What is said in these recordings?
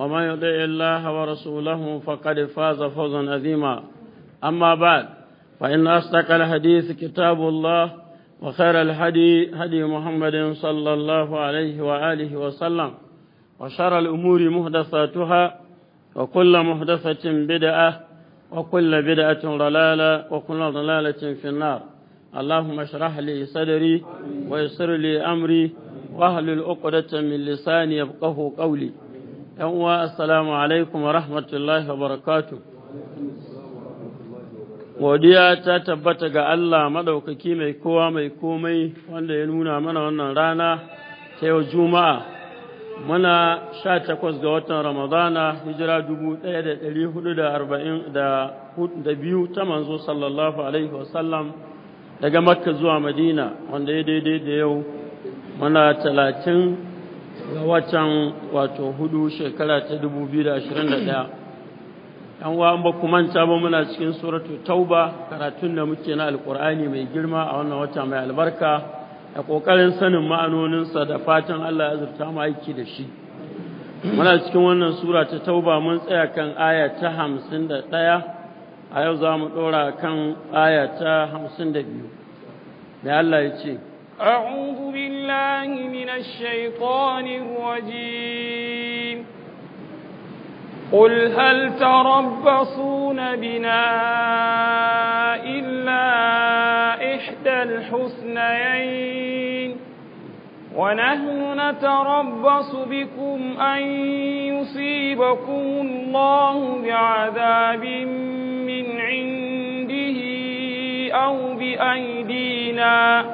وما يضع الله ورسوله فقد فاز فوزا أذيما أما بعد فإن أصدق الحديث كتاب الله وخير الهدي هدي محمد صلى الله عليه وآله وسلم وشر الأمور مهدثاتها وكل مهدثة بدعة وكل بدعة ضلالة وكل ضلالة في النار اللهم اشرح لي صدري ويسر لي أمري واهل العقدة من لساني يبقه قولي uwa assalamu alaikum wa rahmatullahi wa barakatu godiya ta tabbata ga Allah maɗaukaki mai kowa mai komai wanda ya nuna mana wannan rana ta yau juma'a muna sha takwas ga watan ramadana hijira dubu ɗaya da ɗari da arba'in da biyu ta manzo sallallahu alaihi wasallam daga makka zuwa madina wanda ya daidai da yau muna talatin ga watan wato hudu shekara ta 2021 yan wa ba baku manta ba muna cikin suratu tauba karatun da muke na alkur'ani mai girma a wannan wata mai albarka da kokarin sanin ma'anoninsa da fatan Allah ya azurta mu aiki da shi muna cikin wannan sura ta tauba mun tsaya kan aya ta 51 a yau za mu ɗora kan aya ta 52 mai Allah ya ce أعوذ بالله من الشيطان الرجيم قل هل تربصون بنا إلا إحدى الحسنيين ونحن نتربص بكم أن يصيبكم الله بعذاب من عنده أو بأيدينا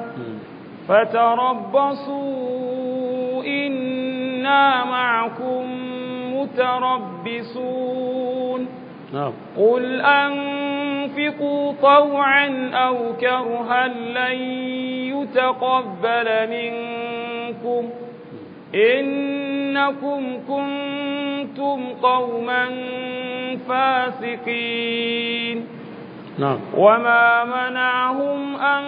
فتربصوا إنا معكم متربصون نعم. قل أنفقوا طوعا أو كرها لن يتقبل منكم إنكم كنتم قوما فاسقين نعم وما منعهم أن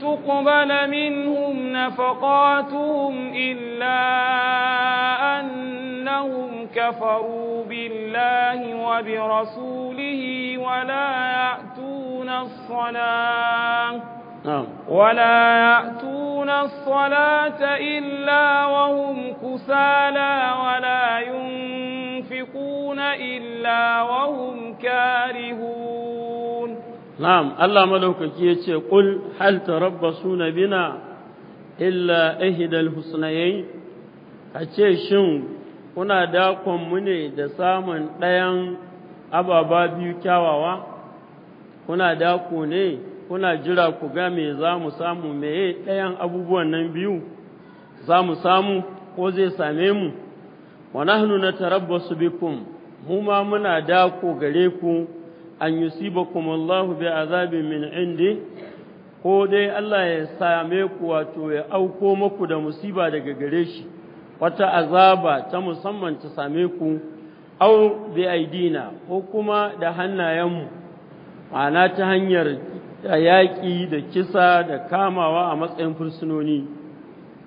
تقبل منهم نفقاتهم إلا أنهم كفروا بالله وبرسوله ولا يأتون الصلاة نعم ولا يأتون الصلاة إلا وهم كسالى ولا ينفقون إلا وهم كارهون na'am Allah madaukaki yace qul hal tarabbasuna bina illa ihdal husnayayn kace shin kuna dakon mu ne da samun ɗayan ababa biyu kyawawa kuna da ku ne kuna jira ku ga me za mu samu me ɗayan abubuwan nan biyu za mu samu ko zai same mu wa nahnu natarabbasu bikum mu ma muna da ku gare ku an yusibakum Allahu bi azabin min indi ko dai Allah ya same ku wato ya auko muku da musiba daga gare shi wata azaba ta musamman ta same ku au bi aidina ko kuma da hannayenmu ma'ana ta hanyar yaƙi da kisa da kamawa a matsayin fursunoni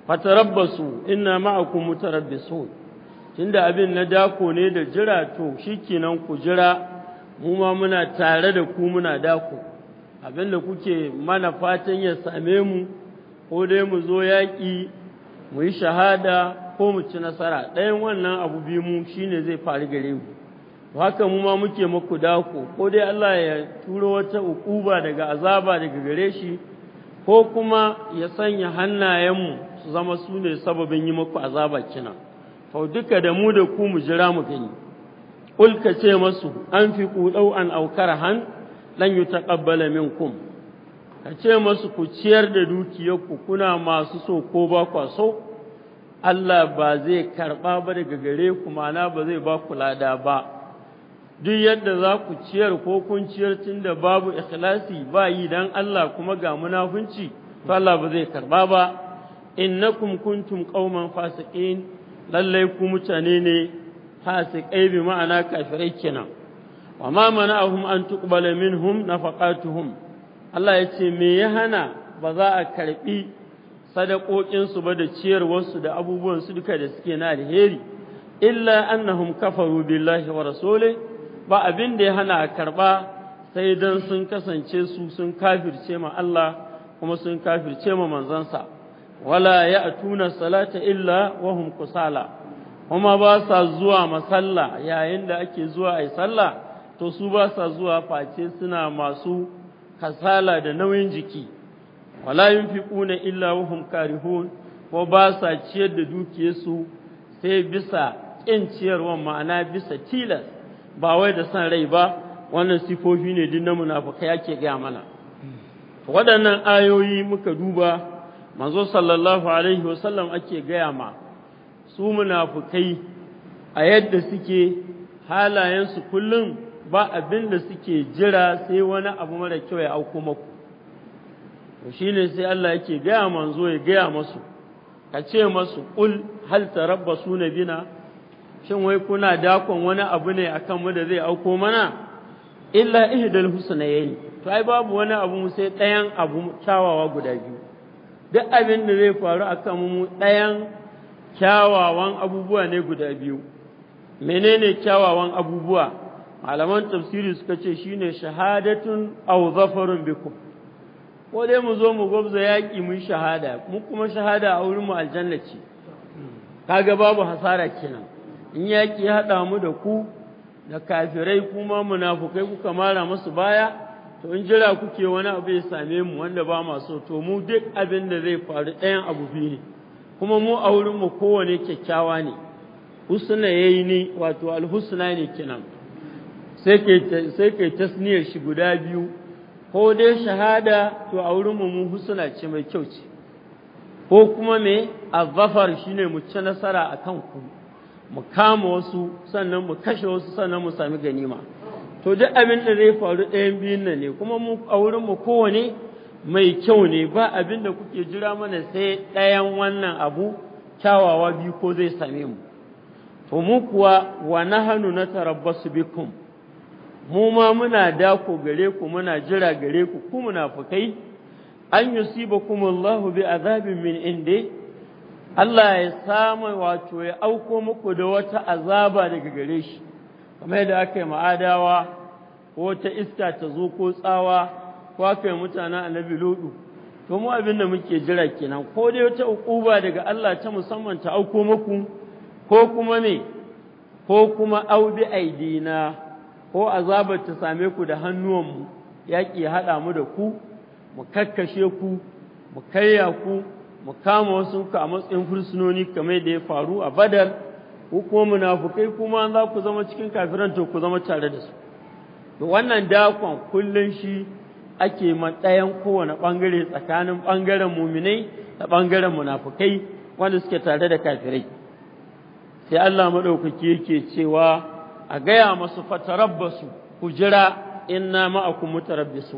fatarabbasu inna ma'akum mutarabbisun tunda abin na dako ne da jira to shikenan ku jira mu ma muna tare da ku muna dako abinda kuke mana fatan ya same mu ko dai mu zo yaƙi mu yi shahada ko mu ci nasara ɗayan wannan abu biyu mu shine zai faru gare mu haka mu ma muke muku dako ko dai Allah ya turo wata ukuba daga azaba daga gare shi ko kuma ya sanya hannayenmu su zama su ne sababin yi muku azaba kina fa duka da mu da ku mu jira mu gani kul ka ce masu an fi ƙuɗau an aukar han ɗan yi taƙabbala kum ka ce masu ku ciyar da dukiyarku kuna masu so ko ba kwa so Allah ba zai karɓa ba daga gare ku mana ba zai ba ku lada ba duk yadda za ku ciyar ko kun ciyar tun da babu ikhlasi ba yi dan Allah kuma ga munafunci to Allah ba zai karɓa ba innakum kuntum qauman fasiqin lallai ku mutane ne fasikai bi ma'ana kafirai kenan wa ma mana'ahum an tuqbala minhum nafaqatuhum Allah yace me ya hana ba za a karbi su ba da ciyarwarsu da abubuwan su duka da suke na alheri illa annahum kafaru billahi wa rasuli ba abin da ya hana a karba sai dan sun kasance su sun kafirce ma Allah kuma sun kafirce ma manzansa wala ya'tuna salata illa wa hum kusala kuma ba sa zuwa masalla yayin da ake zuwa ai sallah to su ba sa zuwa face suna masu kasala da nauyin jiki wala yunfiquna illa wahum karihun ko ba sa ciyar da dukiyarsu sai bisa ƙin ciyarwa ma'ana bisa tilas ba wai da san rai ba wannan sifofi ne din na munafukai yake gaya mana waɗannan ayoyi muka duba manzo sallallahu alaihi wasallam ake gaya ma su munafukai a yadda suke halayensu kullum ba abin da suke jira sai wani abu mara kyau ya auko maku shi ne sai Allah yake gaya manzo ya gaya masu ka ce masu ƙul hal tarabbasu na bina shin wai kuna dakon wani abu ne akan mu da zai auko mana illa ihdal husnayn to ai babu wani abu mu sai ɗayan abu kyawawa guda biyu duk abin da zai faru akan mu ɗayan kyawawan abubuwa ne guda biyu menene kyawawan abubuwa malaman tafsiri suka ce shine shahadatun aw zafarun bikum ko dai mu zo mu gwabza yaki mun shahada mu kuma shahada a wurin mu aljanna ce kaga babu hasara kenan in yaki ya haɗa mu da ku da kafirai kuma munafukai kuka mara musu baya to in jira kuke wani abu ya same mu wanda ba ma so to mu duk abin da zai faru ɗayan abu biyu ne kuma mu a wurin mu kowane kyakkyawa ne husna yayi ni wato alhusna ne kenan sai ke sai tasniyar shi guda biyu ko dai shahada to a wurin mu mu husna ce mai kyau ce ko kuma me azzafar shine mu ci nasara akan ku mu kama wasu sannan mu kashe wasu sannan mu sami ganima to duk abin da zai faru ɗayan biyun nan ne kuma mu a wurin mu kowane mai kyau ne ba abin da kuke jira mana sai ɗayan wannan abu kyawawa biyu ko zai same mu to mu kuwa wa nahanu bi bikum mu ma muna dako gare ku muna jira gare ku ku munafikai an kuma, Allahu bi azabin min inda. Allah ya samu wato ya auko muku da wata azaba daga gare shi kamar yadda aka yi ma'adawa ko ta iska ta zo ko tsawa kwafe mutana a mutanen annabi lodu to mu abin da muke jira kenan ko dai wata uquba daga Allah ta musamman ta auko muku ko kuma me ko kuma audi aidina ko azaba ta same ku da hannuwan mu yaki haɗa mu da ku mu kakkashe ku mu kaiya ku mu kama wasu ku a matsayin fursunoni kamar da ya faru a badar ko kuma munafukai kuma za ku zama cikin kafiran ku zama tare da su wannan dakon kullun shi ake ma kowane ɓangare tsakanin ɓangaren muminai da ɓangaren munafukai wanda suke tare da kafirai sai Allah maɗaukaki yake cewa a gaya masu fatarabbasu ku jira inna ma'akum mutarabbisu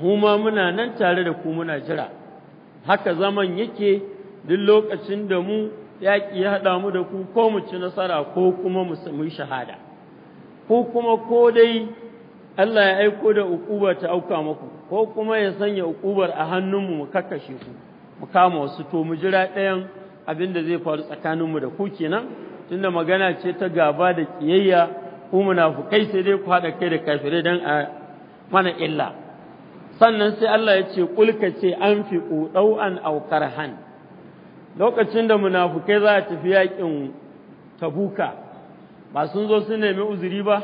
mu ma muna nan tare da ku muna jira haka zaman yake duk lokacin da mu yaƙi ya haɗa mu da ku ko mu ci nasara ko kuma mu shahada ko kuma ko dai Allah ya aiko da ukuba ta auka muku ko kuma ya sanya ukubar a hannunmu mu kakkashe ku mu kama wasu to mu jira ɗayan abin da zai faru tsakaninmu da ku kenan tunda magana ce ta gaba da kiyayya ku munafukai sai dai ku haɗa kai da kafirai dan a mana illa sannan sai Allah ya ce kulka ce an fi an aukar han lokacin da munafukai za a tafi yaƙin tabuka ba sun zo su nemi uzuri ba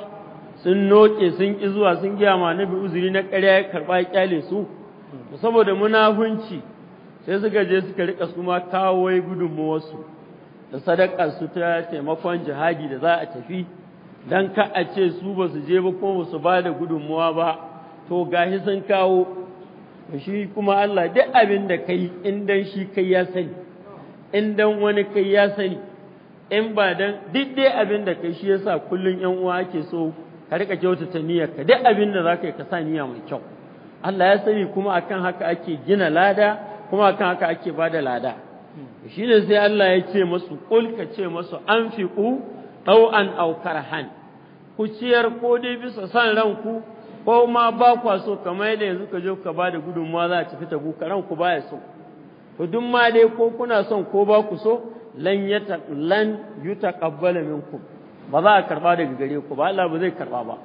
sun noke sun ƙi zuwa sun giya ma nabi uzuri na ƙarya ya karɓa ya kyale su saboda munafunci sai suka je suka rika su ma kawo gudunmawarsu. da sadakar su ta taimakon jihadi da za a tafi Don ka a ce su ba su je ba ko ba su ba da gudunmuwa ba to gashi sun kawo shi kuma Allah duk abin da kai in dan shi kai ya sani in dan wani kai ya sani in ba dan duk dai abin da kai shi yasa kullum yan uwa ke so ka rika kyautata ka duk abin da zaka yi ka sa niyya mai kyau Allah ya sani kuma akan haka ake gina lada kuma akan haka ake bada lada hmm. shine sai Allah ya ce masu kul ka ce masu anfiqu aw an aw karhan ku ciyar ko dai bisa san ranku ko ma ba ku so kamar yadda yanzu ka je ka bada gudunmawa za a ci fita ka ranku baya so Ku duk ma dai ko kuna son ko ba ku so lan yata lan qabbala minkum ba za a karba daga gare ku ba Allah ba zai karba ba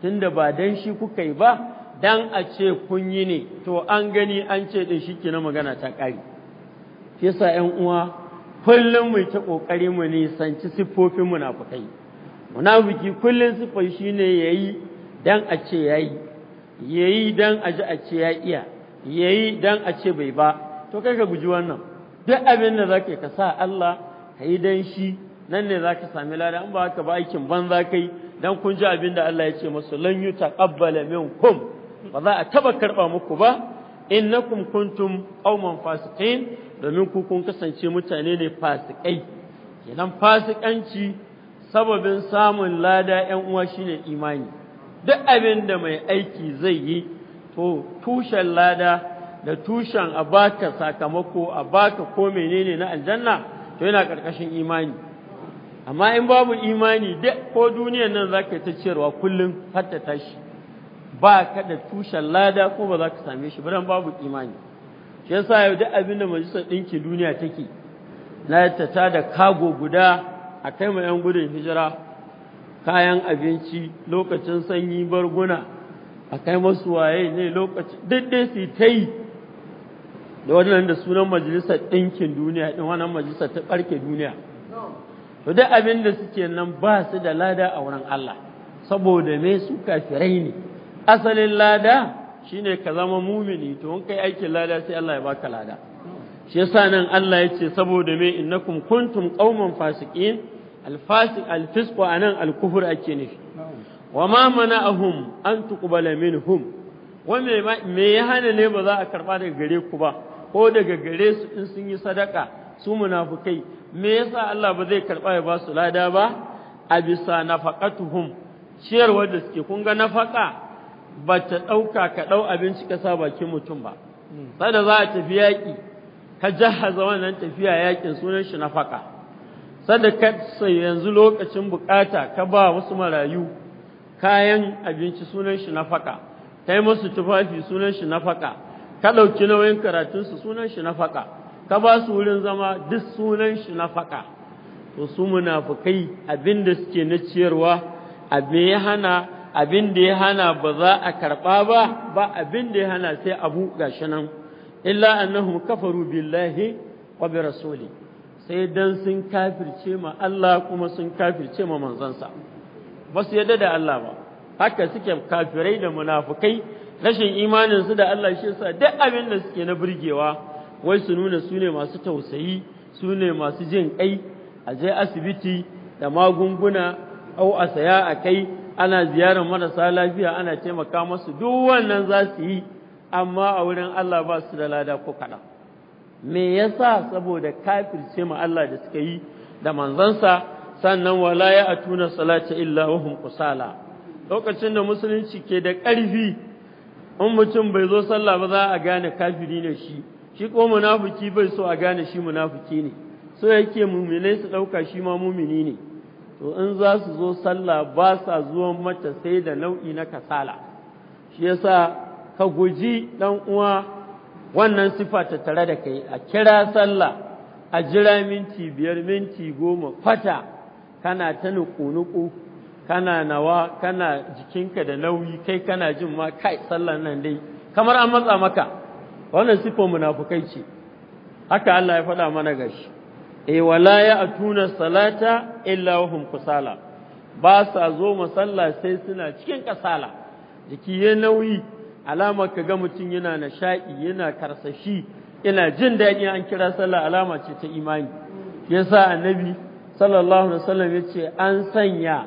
tunda ba dan shi kuka yi ba dan a ce kun yi ne to an gani an ce din shi na magana ta ƙari yasa ƴan uwa kullum mu ta kokari mu nisanci siffofin munafukai munafuki kullum ne shine yayi dan a ce yayi yayi dan a ji a ce ya iya yayi dan a ce bai ba to kai ka guji wannan duk abin da zaka ka sa Allah ka yi dan shi nan ne za zaka sami lada in ba haka ba aikin banza kai dan kun ji abin da Allah ya ce ta ƙabbala min kum ba za a taba karɓa muku ba in na kun kuntum qauman fasiqin domin ku kun kasance mutane ne fasikai idan fasikanci sababin samun lada ƴan uwa shine imani duk abin da mai aiki zai yi to tushen lada da tushen a baka sakamako a baka ko menene na aljanna to yana ƙarƙashin imani amma in babu imani duk ko duniyar nan za ka yi ta ciyarwa kullum har ta tashi ba ka da tushen lada ko ba za ka same shi bayan babu imani shi yasa yau duk abin da majalisar ɗinkin duniya take na ta ta da kago guda a kai ma 'yan gudun hijira kayan abinci lokacin sanyi barguna a kai masu waye ne lokacin duk dai su ta yi da wannan da sunan majalisar ɗinkin duniya ɗin wannan majalisar ta ɓarke duniya to duk abin da suke nan ba su da lada a wurin Allah saboda me su kafirai ne asalin lada shine ka zama mumini to in kai aikin lada sai Allah ya baka lada shi yasa nan Allah ya ce saboda me innakum kuntum qauman fasiqin alfasiq alfisq anan alkufr ake nufi ma mana'ahum an tuqbala minhum wa me me ya hana ne ba za a karba daga gare ku ba ko daga gare su in sun yi sadaka su munafukai me yasa Allah ba zai karba ya ba su lada ba a bisa nafaqatuhum ciyarwar da suke kun ga nafaka ba ta dauka ka dau abinci ka sa bakin mutum ba sai da za a tafi yaki ka jahaza wannan tafiya yakin sunan shi nafaka sai da ka sai yanzu lokacin bukata ka ba wasu marayu kayan abinci sunan shi nafaka kai musu tufafi sunan shi nafaka ka dauki nauyin karatun su sunan shi nafaka ka ba su wurin zama duk sunan shi na faka to su munafukai abinda da suke na ciyarwa abin ya hana abin da ya hana ba za a karɓa ba ba abin da ya hana sai abu gashi nan illa annahum kafaru billahi wa bi rasuli sai dan sun kafirce ma Allah kuma sun kafirce ma manzansa ba su yadda da Allah ba haka suke kafirai da munafukai rashin imanin su da Allah shi yasa duk abin da suke na burgewa wai su nuna su ne masu tausayi su ne masu jin ƙai a je asibiti da magunguna au a saya a kai ana ziyarar marasa lafiya ana taimaka masu duk wannan za su yi amma a wurin Allah ba su da lada ko kaɗan me yasa saboda kafirce ma Allah da suka yi da manzansa sannan wala ya atuna salata illa wa hum kusala lokacin da musulunci ke da ƙarfi in mutum bai zo sallah ba za a gane kafiri ne shi shi ko munafiki bai so a gane shi munafiki ne so yake muminai su ɗauka shi ma mumini ne to in za su zo sallah ba sa zuwan mata sai da nau'i na kasala shi yasa ka guji dan uwa wannan sifa ta tare da kai a kira sallah a jira minti biyar minti goma fata kana ta nukunuku kana nawa kana jikinka da nauyi kai kana jin ma kai sallan nan dai kamar an matsa maka wannan sifar munafukai ce haka Allah ya faɗa mana gashi e wala ya atuna salata illa wahum kusala ba sa zo masalla sai suna cikin kasala jiki ya nauyi alama ka ga mutum yana nishaɗi yana karsashi yana jin daɗi an kira sallah alama ce ta imani yasa annabi sallallahu alaihi wasallam yace an sanya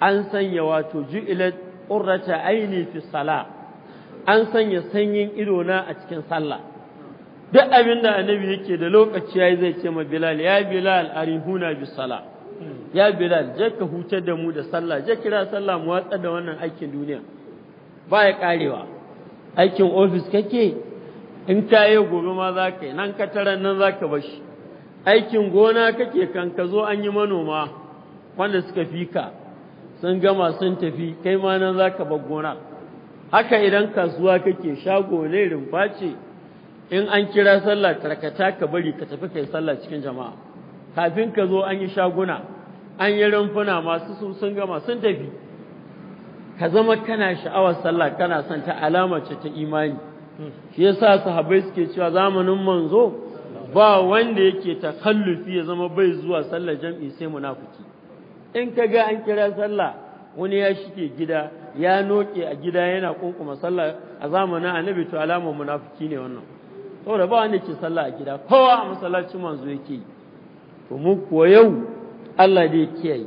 an sanya wato ju'ilat qurrata aini fi salah an sanya sanyin idona a cikin sallah duk abin da annabi yake da lokaci yayi zai ce ma Bilal ya Bilal arihuna bi sala ya Bilal je ka hutar da mu da sallah je kira sallah mu watsa da wannan aikin duniya ba ya karewa aikin office kake in ka yi gobe ma za ka yi nan ka taran nan za ka bashi aikin gona kake kan ka zo an yi manoma wanda suka fi ka sun gama sun tafi kai ma nan za ka bar gona haka idan kasuwa kake shago ne rumfa ce in an kira sallah tarkata ka bari ka tafi kai sallah cikin jama'a kafin ka zo an yi shaguna an yi rumfuna masu su sun gama sun tafi ka zama kana sha'awar sallah kana son ta alama ce ta imani shi yasa sahabbai suke cewa zamanin manzo ba wanda yake takallufi ya zama bai zuwa sallah jam'i sai munafiki in ka ga an kira sallah wani ya shige gida ya noke a gida yana kunkuma sallah a zamanin annabi to alamar munafiki ne wannan saboda ba wanda ke sallah a gida kowa a masallacin manzo yake to mu kuwa yau Allah da ya kiyaye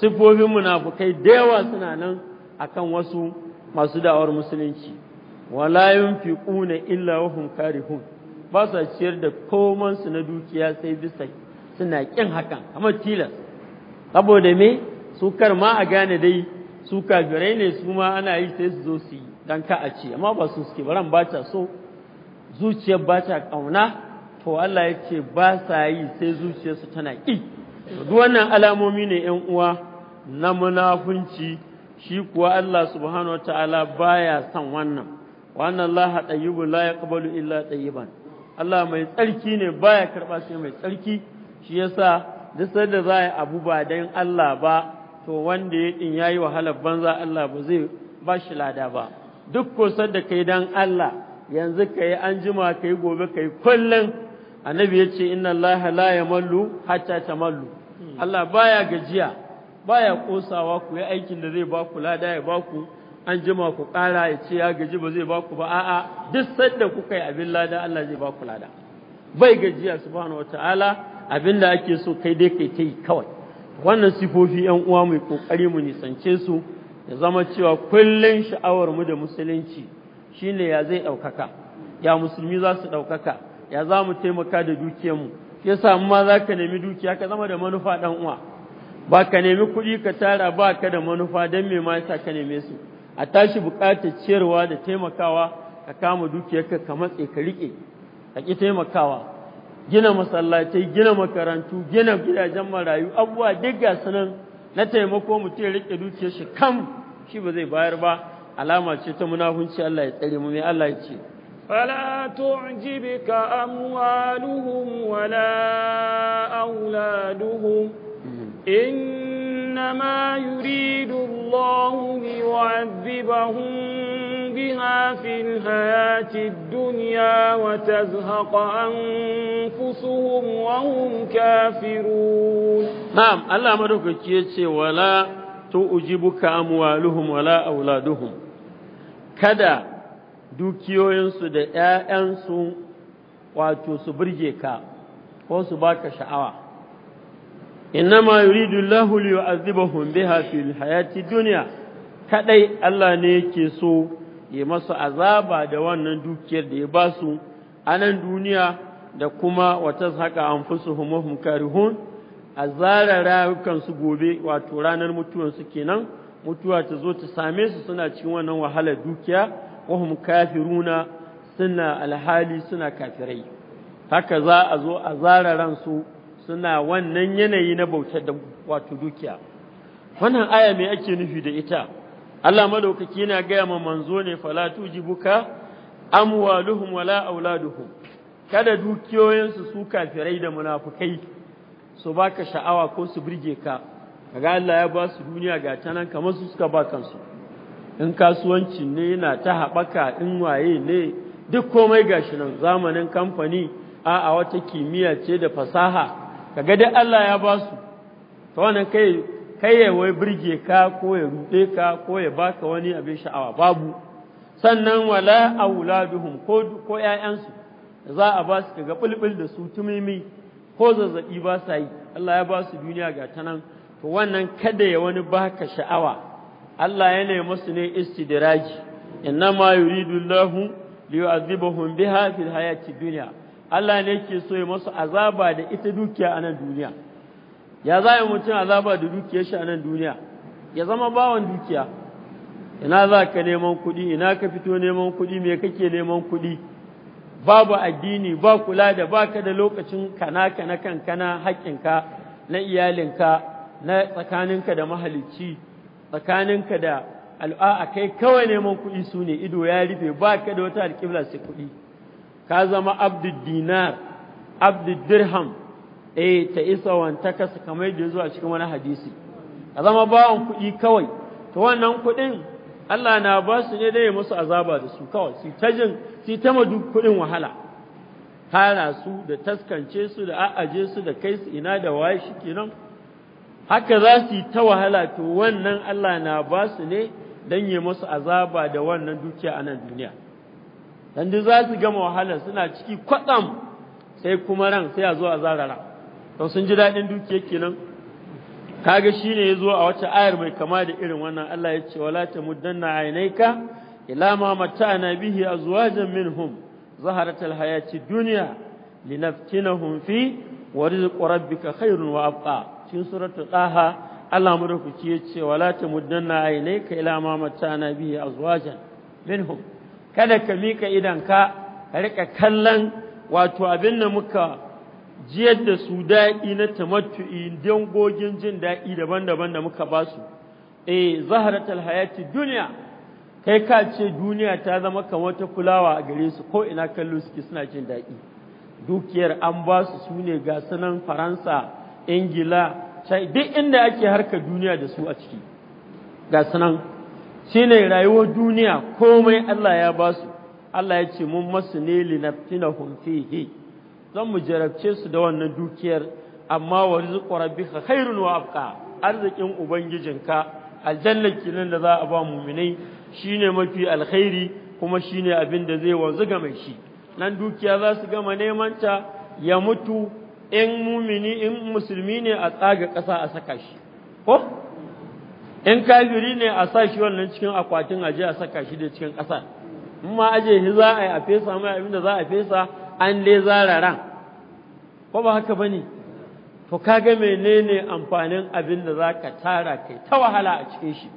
sifofin munafukai da yawa suna nan akan wasu masu da'awar musulunci wala yunfiquna illa wa hum karihun ba sa ciyar da koman su na dukiya sai bisa suna kin hakan amma tilas saboda me su kar ma a gane dai suka gare ne su ma ana yi sai su zo su yi dan ka a ce amma ba su suke baran ba ta so zuciyar ba ta kauna to Allah ya ce ba sa yi sai su tana ki duk wannan alamomi ne ƴan uwa na munafunci shi kuwa Allah subhanahu wataala baya san wannan wannan Allah tayyibun la yaqbalu illa tayyiban Allah mai tsarki ne baya karba sai mai tsarki shi yasa duk da za a yi abu ba dan Allah ba to wanda ya kin yayi wahalar banza Allah ba zai ba shi lada ba duk kosar da kai dan Allah yanzu kai an jima kai gobe kai kullun annabi ya ce inna Allah la yamallu hatta tamallu Allah baya gajiya baya kosawa ku yi aikin da zai ba ku lada ya ba ku an jima ku ƙara ya ce ya gaji ba zai ba ku ba a'a duk sanda kuka yi abin lada Allah zai ba ku lada bai gajiya subhanahu wataala abin da ake so kai dai kai ta yi kawai wannan sifofi ‘yan uwa mai ƙoƙari mu nisance su ya zama cewa kullum sha'awar mu da musulunci shine ya zai ɗaukaka ya musulmi za su ɗaukaka ya za mu taimaka da mu ya samu ma za ka nemi dukiya ka zama da manufa ɗan uwa ba ka nemi kuɗi ka tara ba ka da manufa don me ma yasa ka neme su a tashi buƙatar ciyarwa da taimakawa ka kama dukiyarka ka matse ka riƙe ka ƙi taimakawa gina masallatai gina makarantu gina gidajen marayu abubuwa diga sanan na taimako mutum rike dukiyar shi kam shi ba zai bayar ba alama ce ta munafunci Allah ya tsare mu mai Allah ya ce فلا tu'jibuka amwaluhum wala auladuhum إنما يريد الله ليعذبهم بها في الحياة الدنيا وتزهق أنفسهم وهم كافرون نعم الله مدوك يتشي ولا تؤجبك أموالهم ولا أولادهم كذا dukiyoyinsu da ‘ya'yansu wato su birge ka ko su baka sha'awa’ innama يريد الله ليعذبهم بها في fil الدنيا كدي kadai Allah ne yake so ya masu azaba da wannan dukiyar da ya ba su a nan duniya da kuma wata haka anfusuhum hum karihun azara rayukan su gobe wato ranar mutuwan su kenan mutuwa ta zo ta same su suna cikin wannan wahalar dukiya wahum kafiruna suna alhali suna kafirai haka za a zo a zara ransu suna wannan yanayi na bautar da wato dukiya wannan aya mai ake nufi da ita Allah madaukaki yana gaya ma manzo ne fala tujibuka amwaluhum wala auladuhum kada dukiyoyinsu su kafirai da munafukai su baka sha'awa ko su burge ka kaga Allah ya ba su duniya ga tanan kamar su suka ba kansu in kasuwanci ne yana ta haɓaka in waye ne duk komai gashi nan zamanin kamfani a a wata kimiyya ce da fasaha kaga dai Allah ya ba su ta wannan kai kai ya wai birge ka ko ya ruɗe ka ko ya baka wani abin sha'awa babu sannan wala auladuhum ko ko ƴaƴansu za a ba su kaga bulbul da su tumimi ko zazzabi ba sa yi Allah ya ba su duniya ga ta nan to wannan kada ya wani baka sha'awa Allah yana ne musu ne istidraji innama yuridu Allahu liyu'adhibahum biha fil hayati dunya Allah ne yake so ya masu azaba da ita dukiya a nan duniya ya za yi mutum azaba da dukiyar shi a nan duniya ya zama bawan dukiya ina za ka neman kuɗi ina ka fito neman kuɗi me kake neman kuɗi babu addini ba kula da baka da lokacin kana kanaka na kankana haƙƙinka na iyalinka na tsakaninka da mahalicci tsakaninka da al'a kai kawai neman kuɗi su ne ido ya rufe baka da wata alƙibla sai kuɗi ka zama abdul dinar abdul dirham eh ta isa wantaka su kamar da zuwa cikin wani hadisi ka zama bawan kuɗi kawai to wannan kuɗin Allah na ba su ne dai musu azaba da su kawai su ta jin su ta madu kuɗin wahala hana su da taskance su da a'aje su da kai su ina da waye kenan haka za su yi ta wahala to wannan Allah na ba su ne dan yi musu azaba da wannan dukiya a nan duniya dan duk za su gama wahala suna ciki kwatsam sai kuma ran sai a zo a zarara to sun ji daɗin dukiya kenan kaga shine yazo a wata ayar mai kama da irin wannan Allah ya ce wala tamuddanna aynaika ila ma mata'na bihi azwajan minhum zaharat alhayati dunya linaftinahum fi wa rizq rabbika khairun wa abqa cikin suratul qaha Allah madaukaki ya ce wala tamuddanna aynaika ila ma mata'na bihi azwajan minhum kada ka mika idanka ka rika kallon wato abin da muka jiyar da su daɗi na tamattu'i dangogin jin daɗi daban-daban da muka ba su eh zaharatul hayati duniya kai ka ce duniya ta zama kamar ta fulawa a gare su ko ina kallo suke suna jin daɗi dukiyar an ba su su ne ga sanan faransa ingila duk inda ake harka duniya da su a ciki ga sanan ne rayuwar duniya komai Allah ya ba su Allah ya ce mun masu ne linaftinahum fihi zan mu jarabce su da wannan dukiyar amma wa rizqu rabbika khairun wa abqa arzikin ubangijinka aljannar kinin da za a ba mu'minai shine mafi alkhairi kuma shine abin da zai wanzu ga mai shi nan dukiya za su gama neman ta ya mutu in mumini in musulmi ne a tsaga ƙasa a saka shi ko in kafiri ne a sa shi wannan cikin akwatin aje a saka shi da cikin ƙasa in ma aje shi za a yi a fesa mai abinda za a fesa an dai zara ran ko ba haka bane to kaga menene amfanin abin da zaka tara kai ta wahala a cikin shi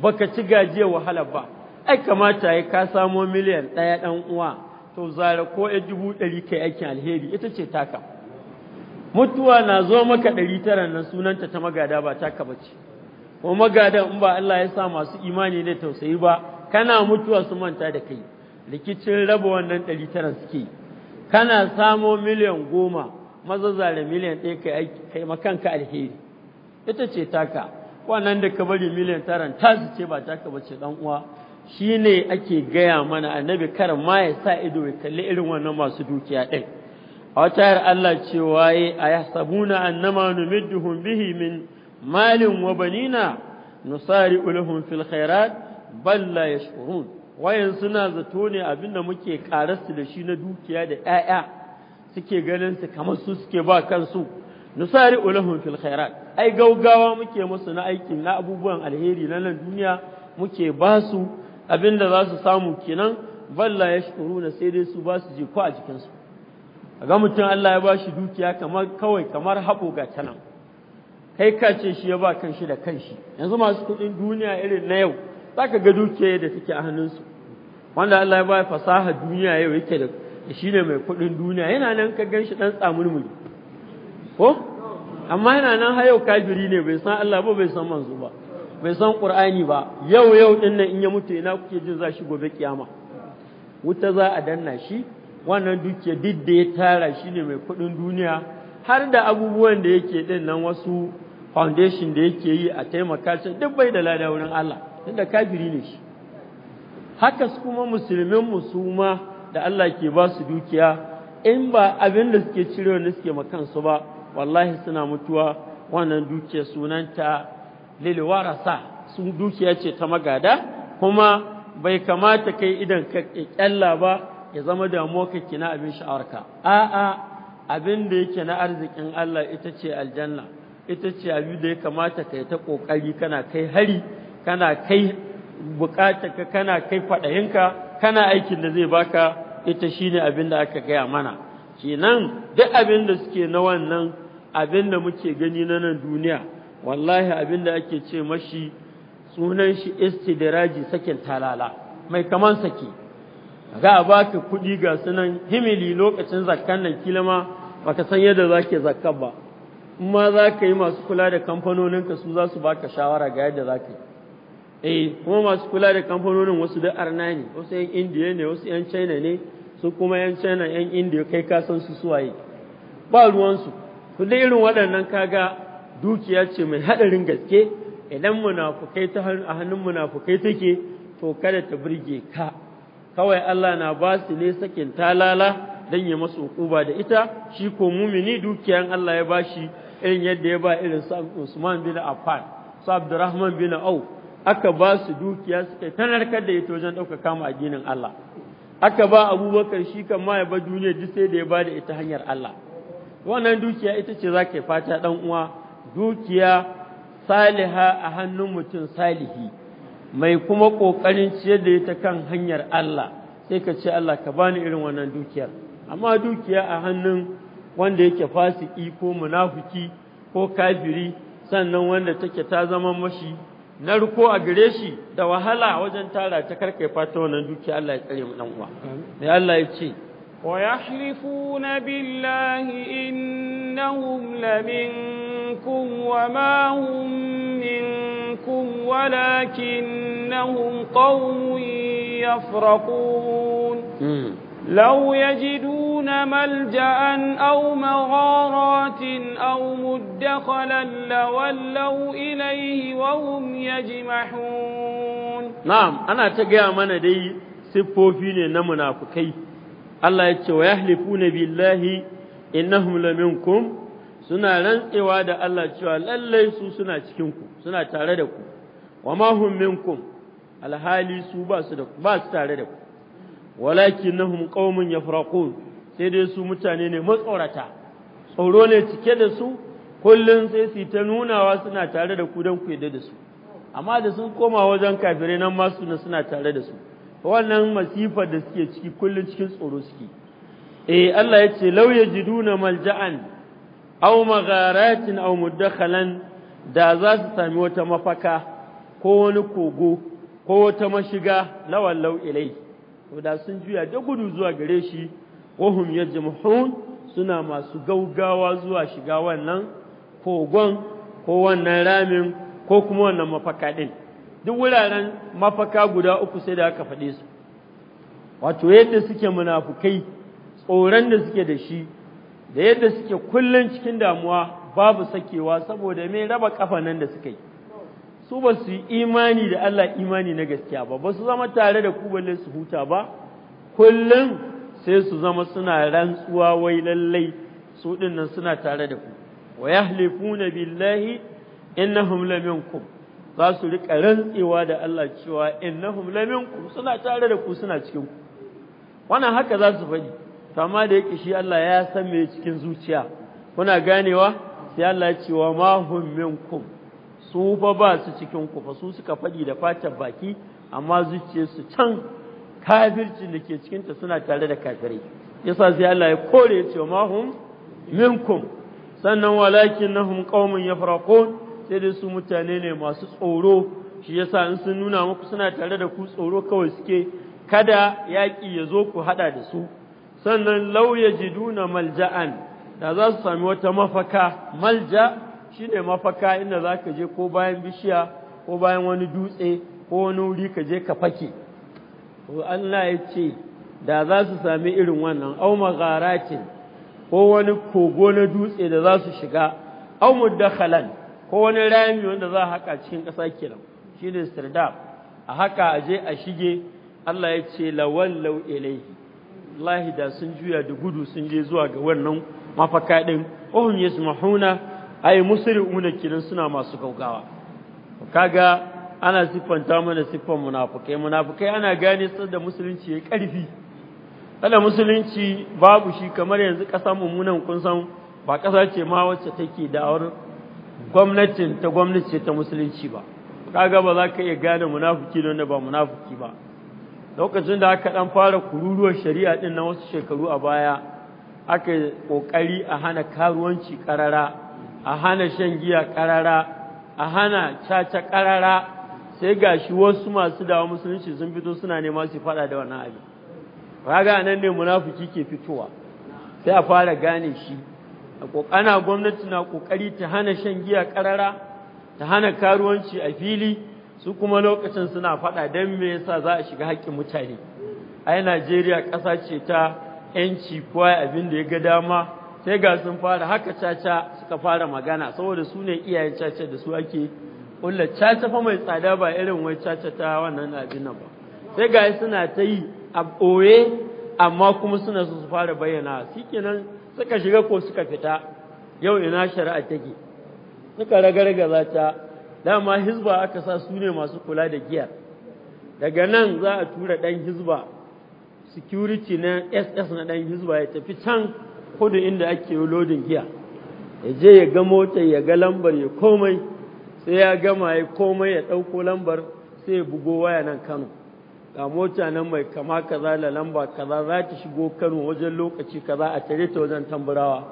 baka ci gajiya wahala ba ai kamata ya ka samo miliyan ɗaya ɗan uwa to zara ko ya dubu ɗari kai aikin alheri ita ce taka mutuwa na zo maka ɗari tara na sunanta ta magada ba taka ce ko magadan in ba Allah ya sa masu imani ne tausayi ba kana mutuwa su manta da kai rikicin raba wannan ɗari tara suke kana samo miliyan goma mazazzare miliyan ɗaya kai kai makanka alheri ita ce taka wannan da ka bari miliyan taran tasu ce ba taka ba dan uwa shine ake gaya mana annabi karan ma ya sa ido ya kalli irin wannan masu dukiya ɗaya. a wata 'yar Allah cewa ya sabuna annama numidduhum bihi min malin wa banina nusari ulhum fil khairat bal la yashurun wayan suna zato ne abinda muke karasu da shi na dukiya da 'ya'ya suke ganin su kamar su suke ba kansu nusari ulhum fil khairat ai gaugawa muke musu na aikin na abubuwan alheri na nan duniya muke ba su abinda za su samu kenan bal la na sai dai su ba su je ko a jikinsu ga mutum Allah ya ba shi dukiya kamar kawai kamar haɓo ga tanan kai ka ce shi ya ba kanshi da kanshi yanzu masu kuɗin duniya irin na yau zaka ga dukiya da take a hannunsu wanda Allah ya ba fasaha duniya yau yake da shi ne mai kuɗin duniya yana nan ka ganshi dan tsamurmuri ko amma yana nan har yau kafiri ne bai san Allah ba bai san manzo ba bai san Qur'ani ba yau yau din nan in ya mutu ina kuke jin za shi gobe kiyama wuta za a danna shi wannan dukiya duk da ya tara shi ne mai kuɗin duniya har da abubuwan da yake din nan wasu foundation da yake yi a taimaka shi duk bai da lada wurin Allah da kafiri ne shi haka su kuma musulmin musuma da Allah ke ba su dukiya in ba abin da suke cirewa ne suke makansu ba wallahi suna mutuwa wannan dukiya sunanta lil warasa su dukiya ce ta magada kuma bai kamata kai idan ka kyalla ba ya zama damuwa ka kina abin sha'awarka a'a abin da yake na arzikin Allah ita ce aljanna ita ce abin da ya kamata ka yi ta ƙoƙari kana kai hari kana kai ka kana kai faɗayinka kana aikin da zai baka ita shi ne abin da aka gaya mana kenan duk abin da suke na wannan abin da muke gani na nan duniya wallahi abin da ake ce mashi sunan shi istidraji sakin talala mai kaman sake ga a baka kuɗi ga sunan himili lokacin zakkan nan kila ma baka san yadda zake zakkan ba ma za ka yi masu kula da kamfanoninka su za su ba ka shawara ga yadda za ka yi eh kuma masu kula da kamfanonin wasu da arna ne wasu yan indiya ne wasu yan china ne su kuma yan china yan indiya kai ka san su suwaye ba ruwansu su da irin waɗannan kaga dukiya ce mai haɗarin gaske idan munafukai ta a hannun munafukai take to kada ta burge ka kawai Allah na ba su ne sakin talala dan ya masu hukuba da ita shi ko mumini dukiyan Allah ya bashi irin yadda ya ba irin su Usman bin Affan su Abdurrahman bin au aka ba su dukiya suka tanarkar da ita wajen ɗauka kama addinin Allah aka ba Abubakar shi kan ma ya ba duniya duk sai da ya ba da ita hanyar Allah wannan dukiya ita ce zaka yi fata dan uwa dukiya saliha a hannun mutum salihi mai kuma kokarin ciyar da ita kan hanyar Allah sai ka ce Allah ka bani irin wannan dukiyar amma dukiya a hannun wanda yake fasiki ko munafiki ko kafiri sannan wanda take ta zama mashi na riko a gare shi da wahala wajen tara ta karkai fata wannan dukiya Allah ya tsare mu dan uwa Allah ya ce Wa billahi innahum laminkum لمنكم wadakin na منكم ولكنهم قوم يفرقون لو يجدون ملجأ أو مغارات أو مدخلا لولوا إليه وهم يجمحون نعم أنا تقيا من دي سفوفين نمنا فكي الله يتشو يحلفون بالله إنهم لمنكم سنا rantsewa da الله cewa lallai su سنا cikinku سنا tare da ku wa ma hum minkum alhali su ba su da walakinnahum qaumun yafraqun sai dai su mutane ne matsorata tsoro ne cike da su Kullum sai su ta nunawa suna tare da ku dan ku yadda da su amma da sun koma wajen kafirai nan ma su suna tare da su wannan masifar da suke ciki kullun cikin tsoro suke eh Allah ya ce law yajiduna malja'an aw magharatin aw mudakhalan da za su sami wata mafaka ko wani kogo ko wata mashiga lawallau ilai wadda sun juya da gudu zuwa gare shi wahum jimhun suna masu gaugawa zuwa shiga wannan kogon ko wannan ramin ko kuma wannan mafaka ɗin duk wuraren mafaka guda uku sai da aka faɗe su wato yadda suke munafukai tsoron da suke da shi da yadda suke kullum cikin damuwa babu sakewa saboda mai raba kafa nan da suka yi su ba su yi imani da Allah imani na gaskiya ba ba su zama tare da ku balle su huta ba kullum sai su zama suna rantsuwa wai lallai su dinnan suna tare da ku wa yahlifuna billahi innahum minkum za su rika rantsewa da Allah cewa innahum minkum suna tare da ku suna cikin ku wannan haka za su faɗi amma da yake shi Allah ya san me cikin zuciya kuna ganewa sai Allah ya ce wa ma hum minkum su ba ba su cikin ku fa su suka faɗi da fatar baki amma su can kafircin da ke cikin ta suna tare da kafirai yasa sai Allah ya kore ya ce ma hum minkum sannan walakinnahum qaumun yafraqun sai dai su mutane ne masu tsoro shi yasa in sun nuna muku suna tare da ku tsoro kawai suke kada yaki ya zo ku haɗa da su sannan lau yajiduna malja'an da za su sami wata mafaka malja shi ne mafaka inda za ka je ko bayan bishiya ko bayan wani dutse ko wani wuri ka je ka fake Allah ya ce da za su sami irin wannan au magharatin ko wani kogo na dutse da za su shiga au muddakhalan ko wani rami wanda za a haka cikin ƙasa kenan ne sirdab a haka a je a shige Allah ya ce lawallau ilaihi Allah da sun juya da gudu sun je zuwa ga wannan mafaka din ohum yasmahuna ai musri'una kinan suna masu kaukawa kaga ana siffanta mana siffan munafikai munafikai ana gane su da musulunci ya karfi kada musulunci babu shi kamar yanzu ƙasar mummunan kun san ba ƙasa ce ma wacce take da'awar gwamnatin ta gwamnati ta musulunci ba kaga ba za ka iya gane munafiki don da ba munafiki ba lokacin da aka dan fara kururuwar shari'a din na wasu shekaru a baya aka kokari a hana karuwanci karara a hana shan giya ƙarara a hana caca ƙarara sai gashi wasu masu dawa musulunci sun fito suna nema su faɗa da wannan abin raga nan ne munafuki ke fitowa sai a fara gane shi a kokana gwamnati na kokari ta hana shan giya karara ta hana karuwanci a fili su kuma lokacin suna faɗa don me yasa za a shiga haƙƙin mutane ai Najeriya ƙasa ce ta yanci kowa abin da ya ga dama sai ga sun fara haka caca suka fara magana saboda su ne iyayen caca da su ake kulla caca fa mai tsada ba irin wai caca ta wannan abin ba sai ga suna ta yi a ɓoye amma kuma suna su fara bayyana shikenan suka shiga ko suka fita yau ina shari'a take suka ragargaza ta dama hizba aka sa su ne masu kula da giyar daga nan za a tura ɗan hizba security na ss na ɗan hizba ya tafi can kudu inda ake lodin giya ya je ya ga motar ya ga lambar ya komai sai ya gama ya komai ya ɗauko lambar sai ya bugo waya nan Kano ga mota nan mai kama kaza da lamba kaza za ta shigo Kano wajen lokaci kaza a tare ta wajen tamburawa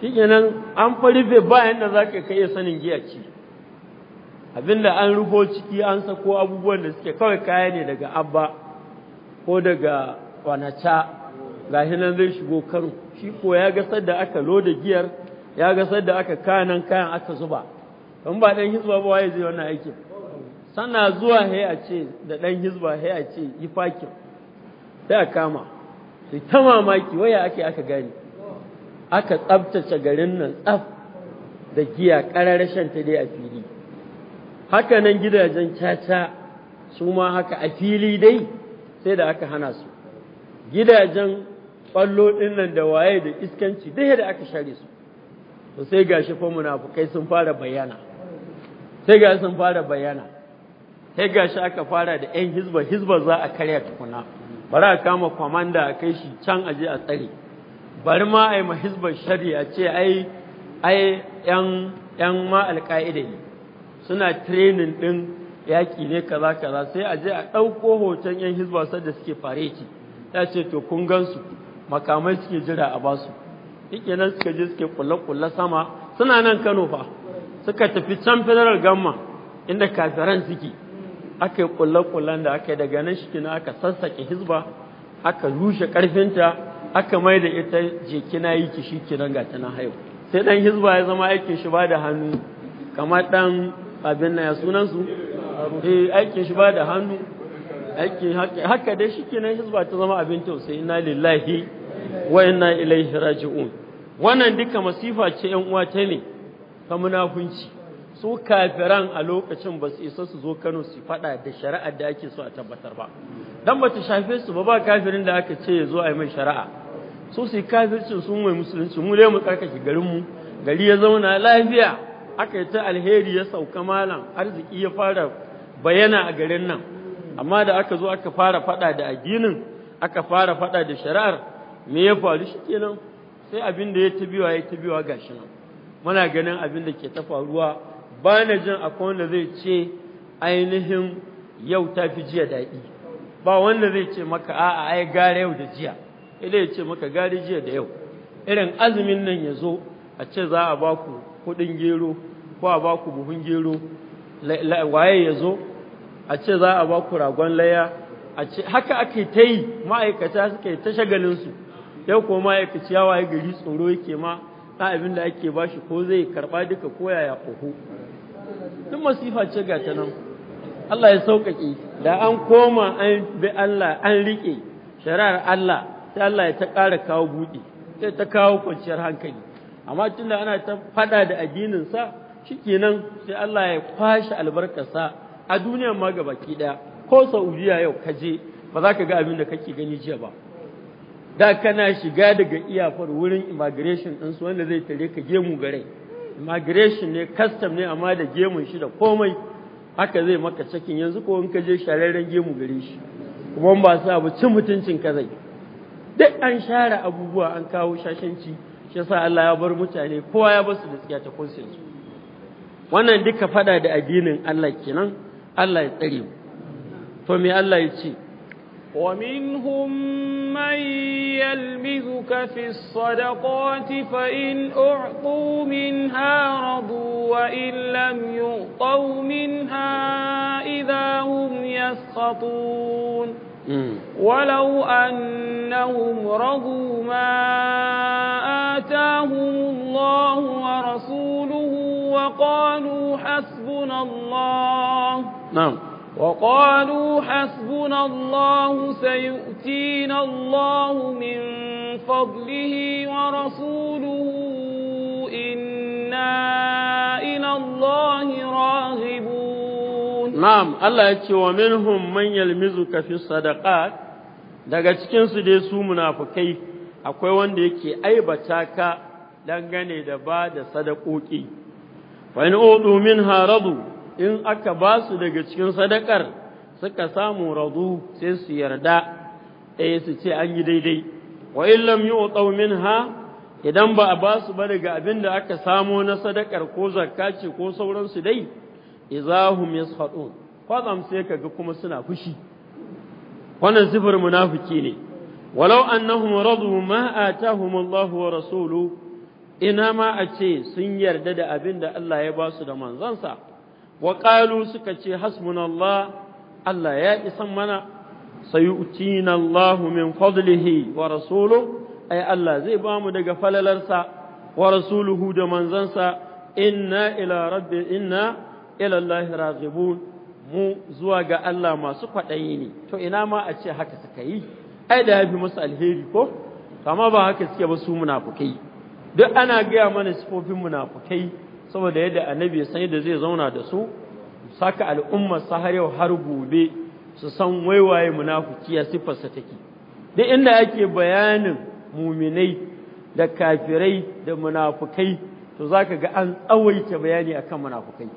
shikenan an farife bayan da ka kai sanin giya ce abinda an rufo ciki an sako abubuwan da suke kawai kaya ne daga abba ko daga kwanaca shi nan zai shigo Kano shi ko ya ga sadda aka loda giyar ya ga sadda aka kanan kayan aka zuba in ba ɗan hizba ba waye zai wannan aikin sana zuwa he a ce da ɗan hizba he a ce yi fakin sai a kama sai ta mamaki waya ake aka gane aka tsabtace garin nan tsaf da giya ƙararrashen ta dai a fili haka nan gidajen caca su ma haka a fili dai sai da aka hana su gidajen ƙwallo ɗin nan da waye da iskanci dai da aka share su to sai gashi fa munafukai sun fara bayyana sai gashi sun fara bayyana sai gashi aka fara da ɗan hizba hizba za a karya tukuna bari a kama kwamanda a kai shi can aje a tsare bari ma a yi ma hizba shari a ce ai ai ɗan ɗan ma alƙa'ida ne suna training ɗin yaƙi ne kaza kaza sai a je a ɗauko hoton ƴan hizba sadda suke fareti ta ce to kun gan makamai suke jira a basu shike nan suka je suke kulle-kulle sama suna nan Kano fa suka tafi can federal gamma inda kafiran suke aka yi kulle-kullen da aka yi daga nan shike aka sassake hizba aka rushe karfinta aka mai da ita jikina yi ki shike nan ga tana hayo sai dan hizba ya zama aikin shi ba da hannu kamar dan abin na ya sunan su eh, aikin shi ba da hannu aikin haka dai shikenan nan hizba ta zama abin tausayi na lillahi wa inna ilaihi raji'un wannan duka masifa ce ƴan uwa ta ne ta munafunci su kafiran a lokacin ba su isa su zo Kano su fada da shari'ar da ake so a tabbatar ba dan ba ta shafe su ba ba kafirin da aka ce ya zo a mai shari'a su su kafircin sun mai musulunci mu dai mu tsarkake garin mu gari ya zauna lafiya aka yi ta alheri ya sauka malam arziki ya fara bayana a garin nan amma da aka zo aka fara fada da addinin aka fara fada da shari'ar me ya faru shi kenan sai abin da ya tabiwa ya tabiwa gashi nan muna ganin abin da ke ta faruwa ba na jin akwai wanda zai ce ainihin yau ta fi jiya daɗi ba wanda zai ce maka a ai gare yau da jiya idan ya ce maka gare jiya da yau irin azumin nan ya zo a ce za a ba ku kuɗin gero ko a ba ku buhun gero waye ya zo a ce za a ba ku ragon laya a ce haka yi ta yi ma'aikata suka yi ta shagalinsu yau ko ciyawa ya gari tsoro yake ma na abin da ake ba shi ko zai karɓa duka ko ya kohu duk masifa ce ga ta nan Allah ya sauƙaƙe da an koma an bi Allah an riƙe shari'ar Allah sai Allah ya ta ƙara kawo buɗe sai ta kawo kwanciyar hankali amma tun da ana ta faɗa da addinin sa shikenan sai Allah ya kwashe albarkarsa a duniyar ma baki ɗaya ko Saudiya yau kaje ba za ka ga abin da kake gani jiya ba da kana shiga daga iyafar wurin immigration din su wanda zai tare ka gemu gare immigration ne custom ne amma da gemun shi da komai haka zai maka cikin yanzu ko in ka je shararren gemu gare shi kuma ba su abu cin mutuncin ka zai duk an share abubuwa an kawo shashanci shi yasa Allah ya bar mutane kowa ya basu da tsiya ta kunsin wannan duka fada da addinin Allah kenan Allah ya tsare mu to me Allah ya ce ومنهم من يلمزك في الصدقات فإن أعطوا منها رضوا وإن لم يعطوا منها إذا هم يسخطون ولو أنهم رضوا ما آتاهم الله ورسوله وقالوا حسبنا الله نعم وقالوا حسبنا الله سيؤتينا الله من فضله ورسوله إنا إلى الله راغبون نعم الله يكي ومنهم من يلمزك في الصدقات daga cikinsu dai su munafukai akwai wanda yake aibata ka dangane da ba da sadakoki fa in udu minha radu in aka ba su daga cikin sadakar suka samu radu sai su yarda ɗaya eh, su ce an yi daidai wa illam yi minha idan ba a ba su ba daga abin da aka samu na sadakar ko zakka ce ko sauransu dai izahum yasfadun kwazam sai kaga kuma suna fushi wannan sifar munafiki ne walau annahum radu ma atahum Allah wa rasuluhu ina ma a ce sun yarda da abin da Allah ya ba su da manzansa wa qalu suka ce hasbunallah Allah ya isan mana sayu'tina Allahu min fadlihi wa rasulu. Ay Allah zai ba mu daga falalarsa wa rasuluhu da manzansa inna ila rabbi inna ila raghibun mu zuwa ga Allah masu kwaɗayi ne to ina ma a ce haka suka yi ai da yafi musu alheri ko amma ba haka suke ba su munafukai duk ana gaya mana sifofin munafukai saboda yadda annabi ya san yadda zai zauna da su saka al'umma sa har yau har gobe su san waiwaye munafiki ya sa take duk inda ake bayanin muminai da kafirai da munafukai to zaka ga an tsawaita bayani akan munafukai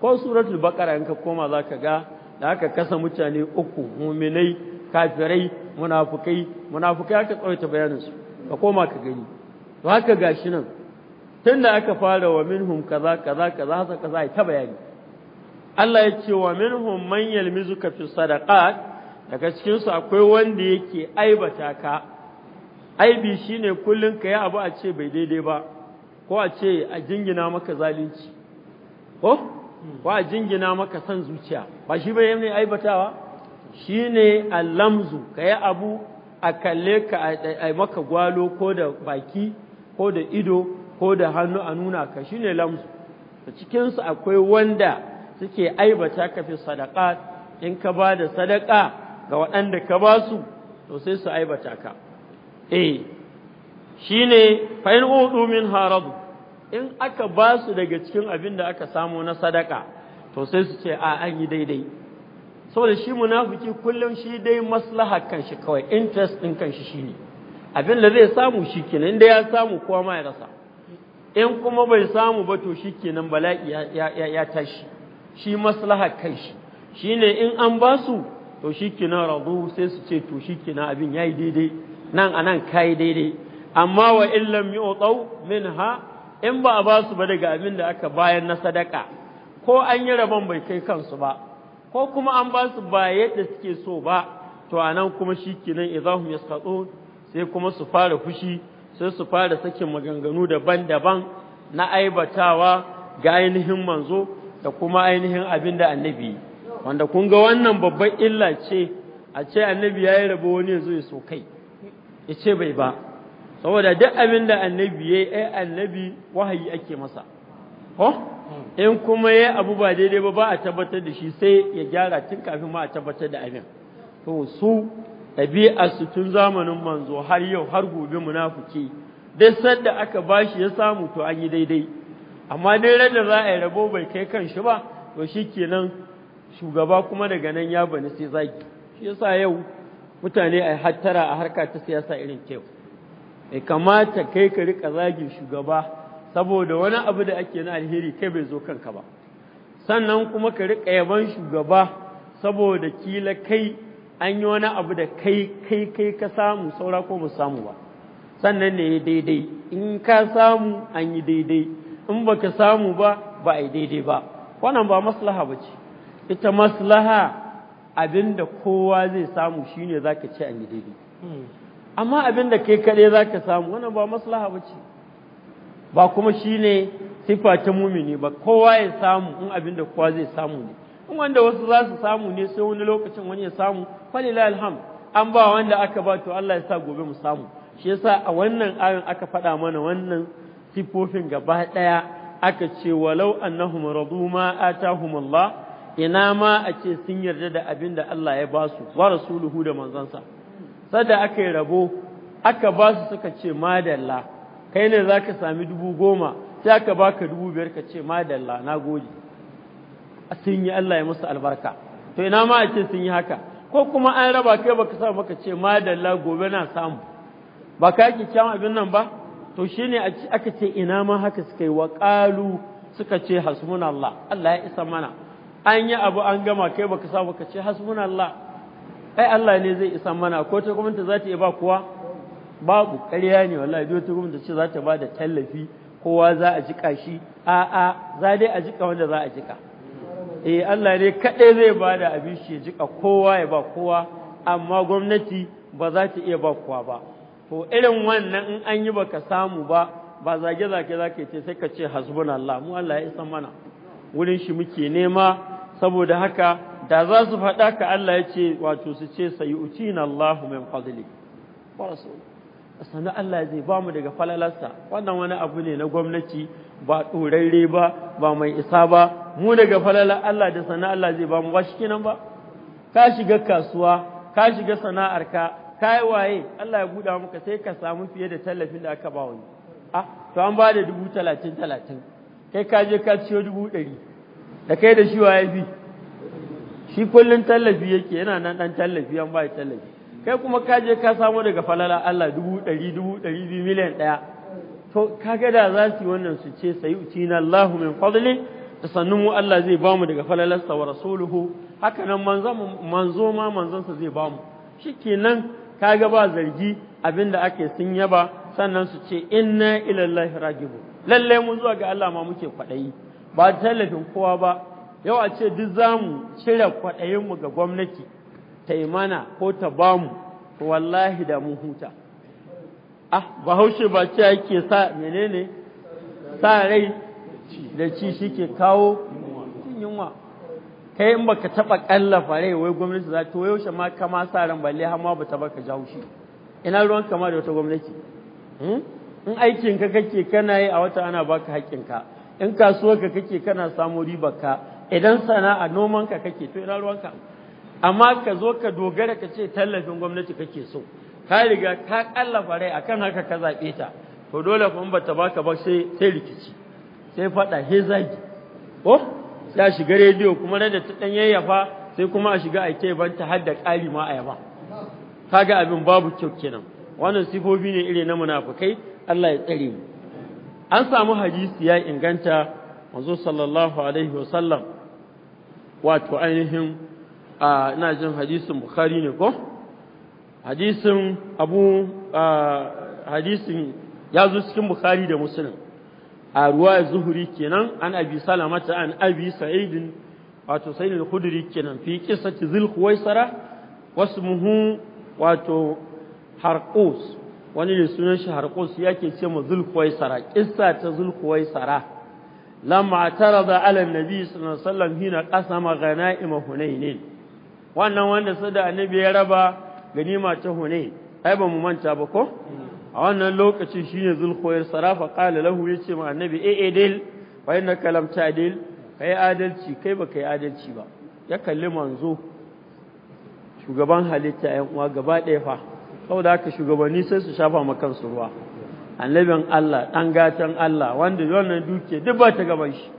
ko suratul baqara in ka koma zaka ga da aka kasa mutane uku muminai kafirai munafukai munafukai aka tsawaita bayanin su ka koma ka gani to haka gashi nan tunda aka fara wa minhum kaza kaza kaza haka kaza ta bayani Allah ya ce wa minhum man yalmizuka fi sadaqat daga cikin su akwai wanda yake aibata ka aibi shine kullun kai abu a ce bai daidai ba ko a ce a jingina maka zalunci ko ko a jingina maka san zuciya ba shi bai ne aibatawa shine ka kai abu a kalle ka a maka gwalo ko da baki ko da ido ko da hannu a nuna ka shi ne lamsu da cikinsu akwai wanda suke aibata ka fi sadaka in ka ba da sadaka ga waɗanda ka ba su to sai su aibata ka eh shi ne fa'in hudu min haradu in aka ba su daga cikin abin da aka samu na sadaka to sai su ce a an yi daidai saboda shi munafiki kullum shi dai maslaha kanshi kawai interest din kanshi shine abin da zai samu shi kenan inda ya samu kowa ma ya rasa in kuma bai samu ba to shikenan bala'i ya tashi shi maslaha kai shi shine in an ba su to shikenan radu sai su ce to shikenan abin yayi daidai nan anan kai daidai amma wa illam min minha in ba a ba su ba daga abin da aka bayar na sadaka ko an yi rabon bai kai kansu ba ko kuma an ba su ba yadda suke so ba to nan kuma shikenan idahum yasqatun sai kuma su fara fushi sai su fara sakin maganganu daban-daban na aibatawa ga ainihin manzo da kuma ainihin abin da annabi wanda kun ga wannan babban illa ce a ce annabi ya yi rabo wani yanzu ya so kai ya ce bai ba saboda duk abin da annabi ya yi ai annabi wahayi ake masa ko in kuma ya abu ba daidai ba ba a tabbatar da shi sai ya gyara tun kafin ma a tabbatar da abin to su ɗabi'arsu tun zamanin manzo har yau har gobe munafiki dai sanda aka bashi ya samu to an yi daidai amma dai da za a yi rabo bai kai kan shi ba to shikenan shugaba kuma daga nan ya bani sai zaki shi yasa yau mutane a hattara a harka ta siyasa irin kyau bai kamata kai ka rika zagin shugaba saboda wani abu da ake na alheri kai bai zo kanka ba sannan kuma ka rika yaban shugaba saboda kila kai an yi wani abu da kai kai kai ka samu saura ko ba samu ba sannan ne daidai in ka samu an yi daidai in ba ka samu ba ba a yi daidai ba wannan ba maslaha ba ce ita maslaha abinda kowa zai samu shine zaka ce an yi daidai amma abinda kai kaɗai zaka samu wannan ba maslaha ba ce ba kuma shine sifa ta mumini ba kowa ya samu in abinda kowa zai samu ne wanda wasu za su samu ne sai wani lokacin wani ya samu falila alham an ba wanda aka ba to Allah ya sa gobe mu samu shi yasa a wannan ayin aka faɗa mana wannan sifofin gaba ɗaya aka ce walau annahum radu ma atahum Allah ina ma a ce sun yarda da abin da Allah ya ba su wa rasuluhu da manzansa sada aka yi rabo aka ba su suka ce madalla kai ne zaka sami dubu goma sai aka baka dubu biyar ka ce madalla na gode sun yi Allah ya musu albarka to ina ma a ce sun yi haka ko kuma an raba kai baka sa maka ce madalla gobe na samu ba ka yake kyan abin nan ba to shine aka ce ina ma haka suka yi wa suka ce hasmuna Allah Allah ya isa mana an yi abu an gama kai baka sa baka ce allah. ai Allah ne zai isa mana ko ta gwamnati za ta yi ba kuwa babu karya ne wallahi duk ta ce za ta ba da tallafi kowa za a jika shi a'a za dai a jika wanda za a jika eh Allah ne kaɗai zai bada abin shi ya jika kowa ya ba kowa amma gwamnati ba za ta iya ba kowa ba to irin wannan in an yi baka samu ba ba zage zage zake ce sai ka ce hasbunallah mu Allah ya isa mana wurin shi muke nema saboda haka da za su faɗa ka Allah ya ce wato su ce sayu'tina Allahu min fadli wa rasul sannan Allah zai ba mu daga falalarsa wannan wani abu ne na gwamnati ba ɗorarre ba ba mai isa ba mu daga falala Allah da sana Allah zai ba mu ba shikenan ba ka shiga kasuwa ka shiga sana'arka kai waye Allah ya guda muka sai ka samu fiye da tallafin da aka ba wani ah to an ba da 30 30 kai ka je ka ciyo 100 da kai da shi waye bi shi kullun tallafi yake yana nan dan tallafi an ba tallafi kai kuma ka je ka samu daga falala Allah 100 100 200 miliyan daya. to kage da za su yi wannan su ce sayu Allahu min fadli da sannan mu Allah zai ba mu daga falalarsa wa rasuluhu haka nan manzo ma manzonsa zai ba mu ka kaga ba zargi abinda ake sun yaba sannan su ce inna ilallahi ragibu lalle mu zuwa ga Allah ma muke kwaɗayi. ba tallafin kowa ba yau a ce duk zamu cire kwadayin mu ga gwamnati ta yi mana ko ta ba mu wallahi da mun huta ah bahaushe ba ce yake sa menene sa rai da ci shi ke kawo cin yunwa kai in baka taɓa ƙallafa rai wai gwamnati za ta yaushe ma kama sa ran balle har ma bata baka jawo shi ina ruwan kama da wata gwamnati hmm? in aikin ka kake kana yi a wata ana baka haƙƙin ka in kasuwar ka kake kana samu ribar ka idan sana'a noman ka kake to ina ruwan ka amma ka zo ka dogara ka ce tallafin gwamnati kake so ka riga ka ƙallafa rai akan haka ka zaɓe ta to dole ba ta bata baka ba sai sai rikici sai faɗa sai zagi ko sai a shiga rediyo kuma ran da ta ɗan yayyafa sai kuma a shiga a ban ta har da ƙari ma a yaba kaga abin babu kyau kenan wannan sifofi ne irin na munafukai Allah ya tsare mu an samu hadisi ya inganta manzo sallallahu alaihi wasallam wato ainihin ina jin hadisin bukhari ne ko hadisin abu hadisin ya zo cikin bukhari da muslim a ruwa zuhuri kenan an abi salamata an abi sa'idin wato sa'id al-khudri kenan fi qissati zil khuwaisara wasmuhu wato harqus wani ne sunan shi harqus yake ce mu zil khuwaisara qissa ta zil khuwaisara lamma tarada ala nabi sallallahu alaihi wasallam hina qasama ghanaim hunain wannan wanda sada annabi ya raba ganima ta hunain ai ba mu manta ba ko a wannan lokaci shine zulkoyar sarafa ƙala lahu yace ma annabi eh, eh, e edil na kalamta adil ka kai adalci kai ka yi adalci ba ya kalli manzo shugaban halitta yan uwa gaba ɗaya fa da aka shugabanni sai su shafa ma kansu ruwa annabin Allah dan gatan Allah wanda wannan duke duk ba ta gaban shi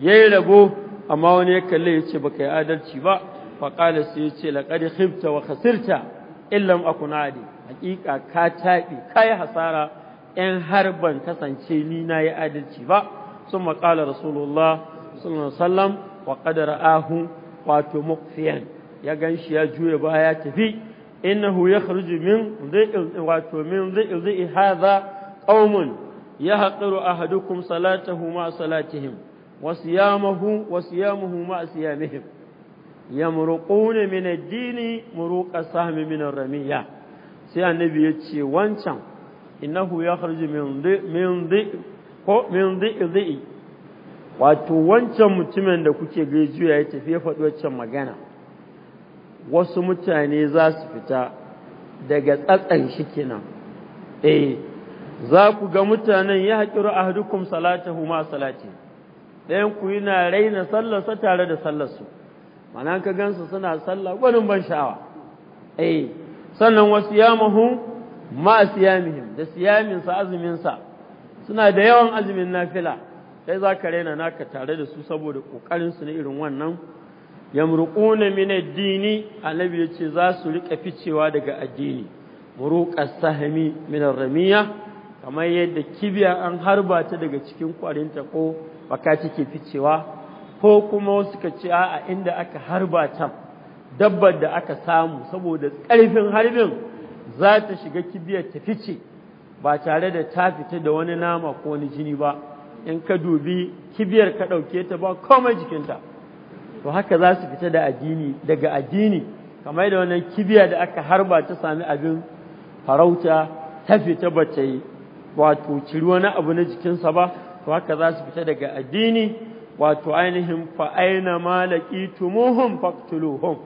ya yi rabo amma wani ya kalli ce yace ka yi adalci ba faƙalasa ya ce yace laqad khibta wa khasirta illam akunadi hakika ka tabi kai hasara in har ban kasance ni na yi adalci ba sun maƙala rasulullah sallallahu alaihi wasallam wa qadara ahu wato muqfiyan ya ganshi ya juya baya tafi innahu yakhruju min dhi'il wato min dhi'il dhi'i hadha qaumun yahqiru ahadukum salatahu ma salatihim wa siyamahu wa siyamuhu ma siyamihim yamruquna min ad-dini muruqa sahmi min ar-ramiya sai annabi yace ce wancan innahu yakhruju min min di ko min di di wato wancan mutumin da kuke juya ya tafi ya fadi wancan magana wasu mutane za su fita daga tsatsan shi kenan eh za ku ga mutanen ya haƙiru ahdukum salatahu ma salati ɗayan ku yana raina sallarsa tare da sallarsu mana ka gansu suna sallah gwanin ban sha'awa eh sannan wasu yamahu ma siyamihim da siyamin sa azumin sa suna da yawan azumin nafila sai za ka raina naka tare da su saboda kokarin su na irin wannan yamruquna min ad-dini annabi yace za su rika ficewa daga addini muruqas sahmi min ar-ramiya kamar yadda kibiya an harba ta daga cikin kwarinta ko baka take ficewa ko kuma suka ce a inda aka harba can dabbar da aka samu saboda ƙarfin harbin za ta shiga kibiyar ta fice ba tare da ta fita da wani nama ko wani jini ba in ka dubi kibiyar ka ɗauke ta ba komai jikinta to haka za su fita da addini daga addini kamar da wannan kibiya da aka harba ta sami abin farauta ta fita ba ta yi wato ciri wani abu na jikinsa ba to haka za su fita daga addini wato ainihin fa aina ma laqitumuhum faqtuluhum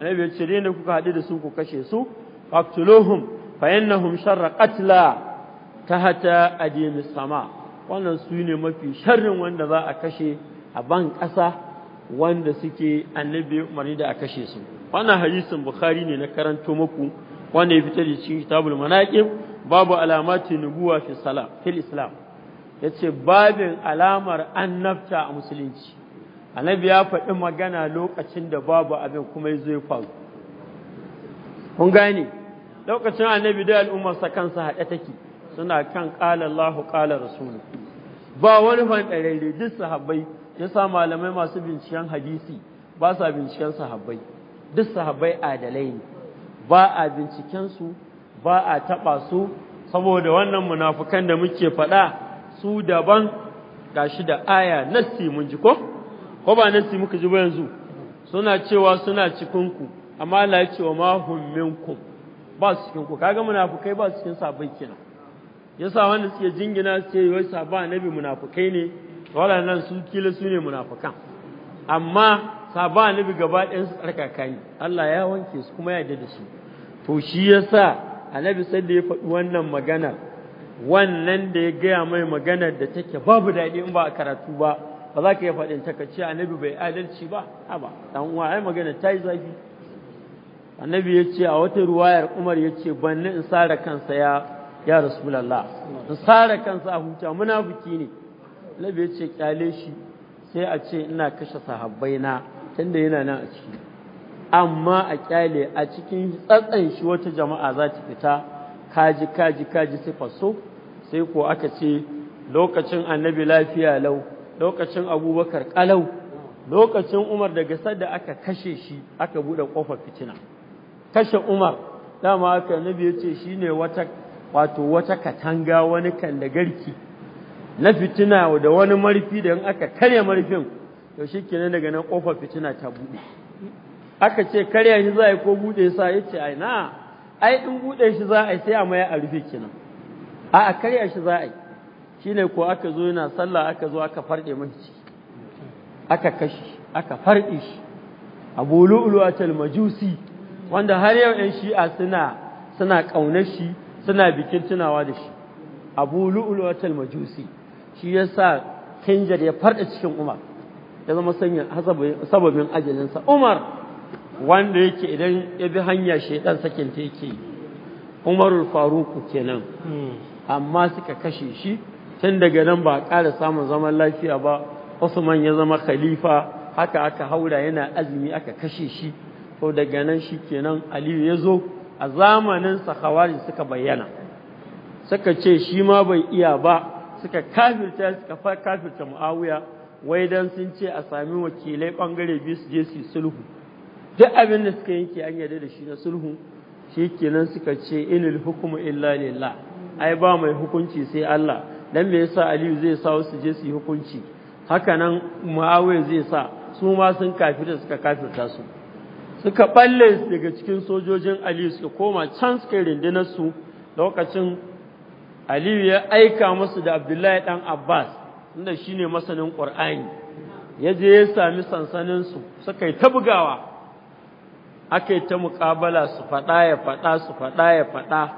annabi ya ce da kuka haɗu da su ku kashe su faqtuluhum fa innahum sharra qatla tahta adimi sama wannan su ne mafi sharrin wanda za a kashe a ban ƙasa wanda suke annabi umarni da a kashe su wannan hadisin bukhari ne na karanto muku wanda ya fita da cikin kitabul manaqib babu alamati nubuwa fi salam fil islam yace babin alamar annabta a musulunci annabi ya faɗi magana lokacin da babu abin kuma yazo ya faru kun gane lokacin annabi da al'ummar sa kansa haɗe take suna kan qala Allahu qala rasulu ba wani fandarere duk sahabbai sa malamai masu binciken hadisi ba sa binciken sahabbai duk sahabbai adalai ne ba a binciken ba a taɓa su saboda wannan munafukan da muke faɗa su daban shi da aya nassi mun ji ko ko ba nassi muka ji ba yanzu suna cewa suna cikin ku amma Allah ya ce wa ma hum minkum ba su cikin ku kaga munafikai ba su cikin sabai kenan yasa wanda suke jingina suke yi wai sahaba annabi munafikai ne wala nan su kila su ne munafikan amma sahaba annabi gaba ɗayan su tsarkaka ne Allah ya wanke su kuma ya da su to shi yasa annabi sai da ya faɗi wannan magana wannan da ya gaya mai maganar da take babu daɗi in ba a karatu ba ba za ka iya faɗin takaci ce annabi bai adalci ba a ba ɗan uwa ai magana ta yi zafi annabi ya ce a wata ruwayar umar ya ce banni in sare kansa ya ya rasulallah in sare kansa a huta munafiki ne annabi ya ce kyale shi sai a ce ina kashe sahabbai na tunda yana nan a ciki amma a kyale a cikin tsatsan shi wata jama'a za ta fita kaji kaji kaji sai faso sai ko aka ce lokacin annabi lafiya lau lokacin abubakar kalau lokacin umar daga sadda aka kashe shi aka bude kofar fitina kashe umar dama aka nabi ya ce shi ne wata wato wata katanga wani kandagarki na fitina da wani marfi da in aka karya marfin to shi kenan daga nan kofar fitina ta bude aka ce karya shi za a yi ko buɗe sa ya ce ai na ai in buɗe shi za a yi sai a maya a rufe kenan a a karya shi za a yi shine ko aka zo yana sallah aka zo aka farde mai ciki aka kashi aka farde shi abu atal majusi wanda har yau ɗan shi'a suna suna ƙaunar shi suna bikin tunawa da shi abu atal majusi shi yasa kinjar ya farɗa cikin umar ya zama sanya sababin ajalinsa umar wanda yake idan ya bi hanya shaidan sakin ta yake umarul faruku kenan hmm. amma suka kashe shi tun daga nan ba a ƙara samun zaman lafiya ba Usman ya zama khalifa haka aka haura yana azumi aka kashe shi to daga nan shi kenan Aliyu ya zo a zamanin sahawari suka bayyana suka ce shi ma bai iya ba suka kafirta suka kafirta Muawiya wai dan sun ce a sami wakilai bangare biyu su je su sulhu duk abin da suka yanke an yarda da shi na sulhu shi kenan suka ce inil hukmu illa lillah ai ba mai hukunci sai Allah dan me yasa Aliyu zai sa su je su yi hukunci haka nan Muawiya zai sa su ma sun kafirta suka kafirta su suka balle daga cikin sojojin Aliyu suka koma can suka rindina su lokacin Aliyu ya aika musu da Abdullahi dan Abbas inda shine masanin Qur'ani ya je ya sami sansanin su suka yi ta bugawa aka yi ta muƙabala su faɗa ya faɗa su faɗa ya faɗa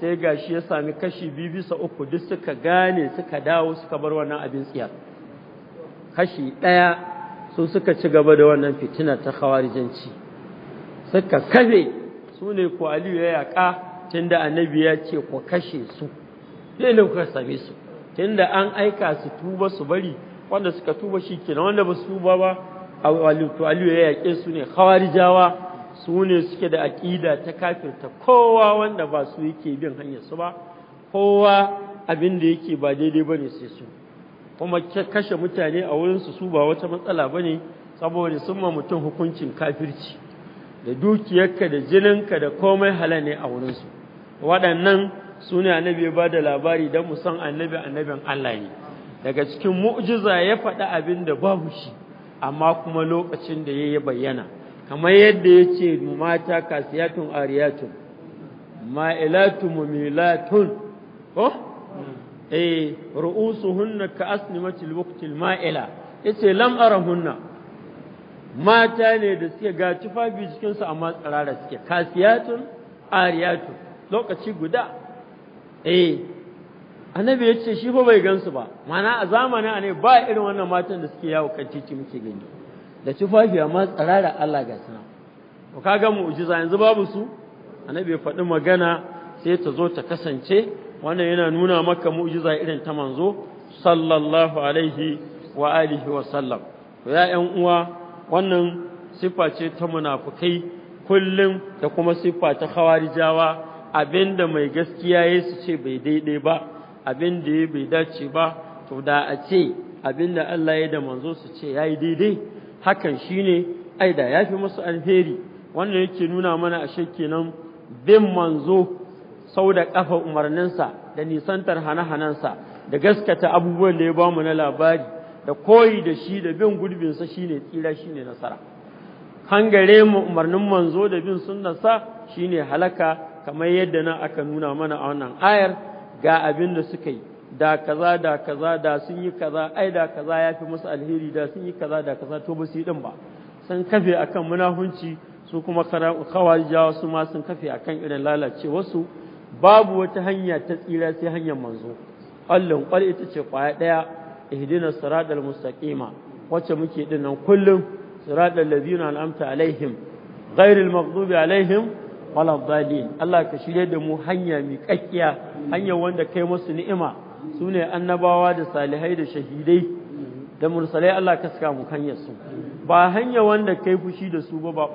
sai ga shi ya sami kashi biyu bisa uku duk suka gane suka dawo suka bar wannan abin tsiya. kashi ɗaya su suka ci gaba da wannan fitina ta khawarijanci suka kafe su ne ku aliyu ya yaƙa tunda annabi ya ce ku kashe su sai ne kuka same su tunda an aika su tuba su bari wanda suka tuba shi kenan wanda ba su tuba ba to aliyu ya yaƙe su ne khawarijawa su ne suke da aƙida ta kafirta kowa wanda ba su yake bin hanyar su ba kowa abin da yake ba daidai ba ne sai su kuma kashe mutane a wurin su ba wata matsala ba ne saboda sun ma mutum hukuncin kafirci da dukiyarka da jininka da komai hala ne a wurin waɗannan su ne annabi ba da labari don mu san annabi annabin Allah ne daga cikin mu'jiza ya faɗi abin da babu shi amma kuma lokacin da ya yi bayyana kamar yadda ya ce mata kasiyatun ariyatun ma'ilatun mumilatun ko? eh ru'usu hunna ka asini waqtil ma'ila Ya ce lam’ara hunna mata ne da suke ga tufafi jikin su amma tsirara suke kasiyatun ariyatun lokaci guda eh annabi yace shi fa bai gansu ba mana a zamanin ne ba irin wannan matan da suke yawo kan titi muke gani da tufafi ma tsirara Allah ga sana ka kaga mu'jiza yanzu babu su annabi ya faɗi magana sai ta zo ta kasance wannan yana nuna maka mu'jiza irin ta manzo sallallahu alaihi wa alihi wa sallam to ya ƴan uwa wannan sifa ce ta munafukai kullum da kuma sifa ta khawarijawa abinda mai gaskiya ya su ce bai daidai ba abinda ya bai dace ba to da a ce abinda Allah ya da manzo su ce yayi daidai hakan shi ne aida ya fi masu alheri wanda yake nuna mana ashe kenan bin manzo sau da ƙafa umarninsa da nisantar hana-hanansa da gaskata abubuwan da ya ba mu na labari da koyi da shi da bin shi ne tsira shi ne nasara hangare mu umarnin manzo da bin sunnarsa ne halaka kamar yadda na aka nuna mana a wannan ayar ga abin da suka yi da kaza da kaza da sun yi kaza ai da kaza yafi musu alheri da sun yi kaza da kaza to ba yi din ba sun kafe akan munafunci su kuma kawarijawa su ma sun kafe akan irin lalace wasu. babu wata hanya ta tsira sai hanyar manzo Allah kwal ita ce kwaya daya ihdinas siratal mustaqima wacce muke dinnan kullum siratal ladzina an'amta alaihim ghairil maghdubi alaihim waladdallin Allah ka shirye da mu hanya mi kakkiya hanya wanda kai musu ni'ima su ne annabawa da salihai da shahidai da mursalai Allah ka saka mu kan su ba hanya wanda kai fushi da su ba ba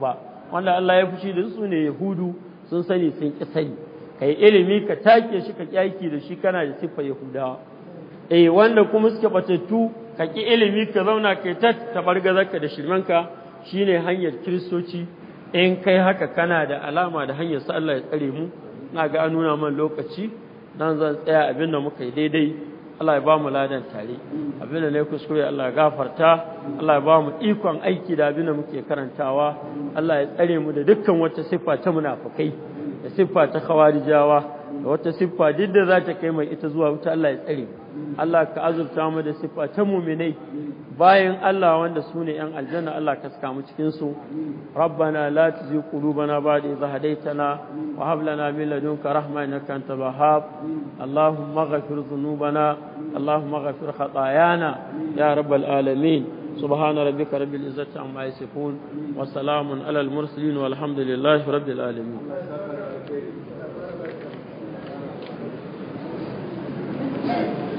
ba wanda Allah ya fushi da su ne yahudu sun sani sun ki sani kai ilimi ka take shi ka kyaki da shi kana da siffa yahudawa eh wanda kuma suke batattu ka ki ilimi ka zauna kai ta bargazarka da shirmanka shine hanyar kiristoci in kai haka kana da alama da hanyar sa Allah ya tsare mu na ga an nuna man lokaci dan zan tsaya abin da muka yi daidai Allah ya ba mu ladan tare abin da ne kuskure Allah ya gafarta Allah ya ba mu ikon aiki da abin da muke karantawa Allah ya tsare mu da dukkan wata siffa ta munafukai da siffa ta khawarijawa da wata siffa duk da za ta kai mai ita zuwa wuta Allah ya tsare mu Allah ka azurta mu da siffa ta mu'minai bayan Allah wanda su ne ‘yan aljanna Allah ka saka mu cikinsu, Rabbana la tuzi qulubana ba'da idh hadaitana wa hab lana min ladunka rahma innaka antal wahhab Allahumma ghfir dhunubana Allahumma ghfir khatayana ya rabbal alamin سبحان ربك رب العزة Wa salamun alal على المرسلين والحمد لله